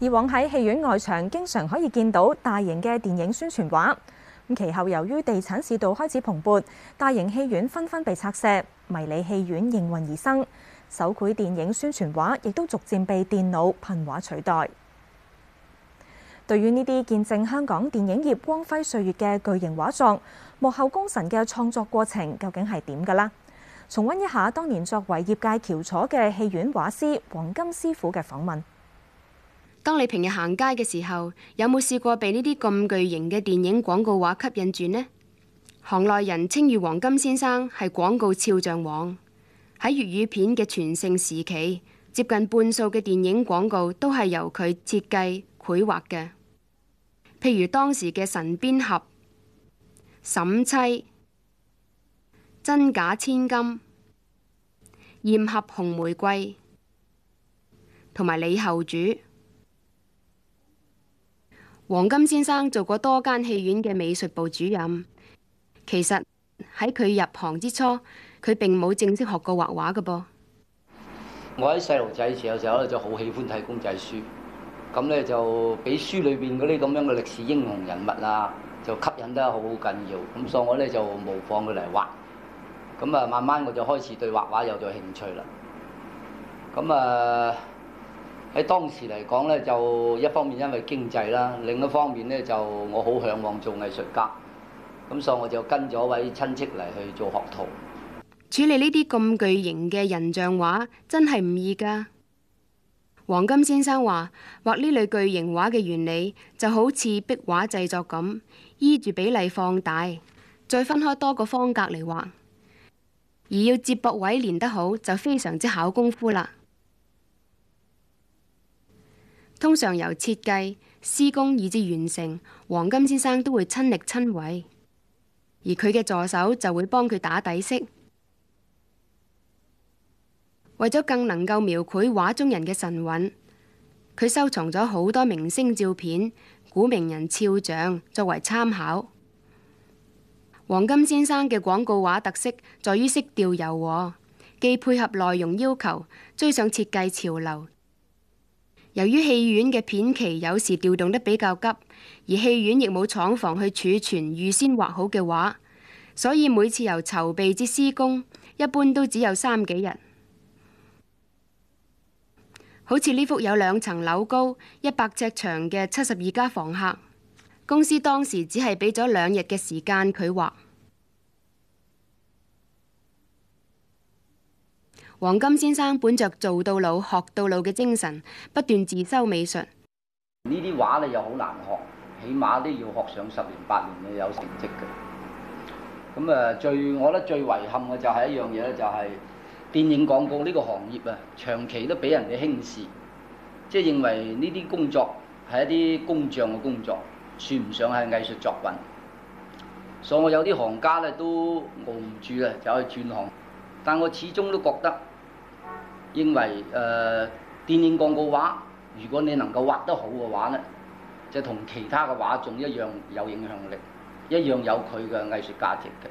以往喺戲院外牆，經常可以見到大型嘅電影宣傳畫，咁其後由於地產市道開始蓬勃，大型戲院紛紛被拆卸，迷你戲院應運而生，手繪電影宣傳畫亦都逐漸被電腦噴畫取代。對於呢啲見證香港電影業光輝歲月嘅巨型畫作，幕後功臣嘅創作過程究竟係點㗎啦？重温一下當年作為業界翹楚嘅戲院畫師黃金師傅嘅訪問。當你平日行街嘅時候，有冇試過被呢啲咁巨型嘅電影廣告畫吸引住呢？行內人稱譽黃金先生係廣告肖像王，喺粵語片嘅全盛時期，接近半數嘅電影廣告都係由佢設計繪畫嘅。譬如當時嘅《神鞭俠》、《沈妻》、《真假千金》、《艷合紅玫瑰》同埋《李後主》。黃金先生做過多間戲院嘅美術部主任，其實喺佢入行之初，佢並冇正式學過畫畫嘅噃。我喺細路仔時候時候咧就好喜歡睇公仔書，咁咧就俾書裏邊嗰啲咁樣嘅歷史英雄人物啦，就吸引得好緊要，咁所以我咧就模仿佢嚟畫，咁啊，慢慢我就開始對畫畫有咗興趣啦，咁啊。喺當時嚟講咧，就一方面因為經濟啦，另一方面呢就我好向往做藝術家，咁所以我就跟咗位親戚嚟去做學徒。處理呢啲咁巨型嘅人像畫真係唔易㗎。黃金先生話：畫呢類巨型畫嘅原理就好似壁畫製作咁，依住比例放大，再分開多個方格嚟畫。而要接駁位連得好，就非常之考功夫啦。通常由設計、施工以至完成，黃金先生都會親力親為，而佢嘅助手就會幫佢打底色。為咗更能夠描繪畫中人嘅神韻，佢收藏咗好多明星照片、古名人肖像作為參考。黃金先生嘅廣告畫特色在於色調柔和，既配合內容要求，追上設計潮流。由於戲院嘅片期有時調動得比較急，而戲院亦冇廠房去儲存預先畫好嘅畫，所以每次由籌備至施工，一般都只有三幾日。好似呢幅有兩層樓高、一百尺長嘅七十二家房客，公司當時只係俾咗兩日嘅時間佢畫。黃金先生本着做到老學到老嘅精神，不斷自修美術。畫呢啲畫咧，又好難學，起碼都要學上十年八年嘅有成績嘅。咁啊，最我覺得最遺憾嘅就係一樣嘢咧，就係、是、電影廣告呢個行業啊，長期都俾人哋輕視，即係認為呢啲工作係一啲工匠嘅工作，算唔上係藝術作品。所以我有啲行家咧都熬唔住啊，就去轉行。但我始終都覺得。認為，唉、呃，電影廣告畫，如果你能夠畫得好嘅話呢，呢就同其他嘅畫種一樣有影響力，一樣有佢嘅藝術價值嘅。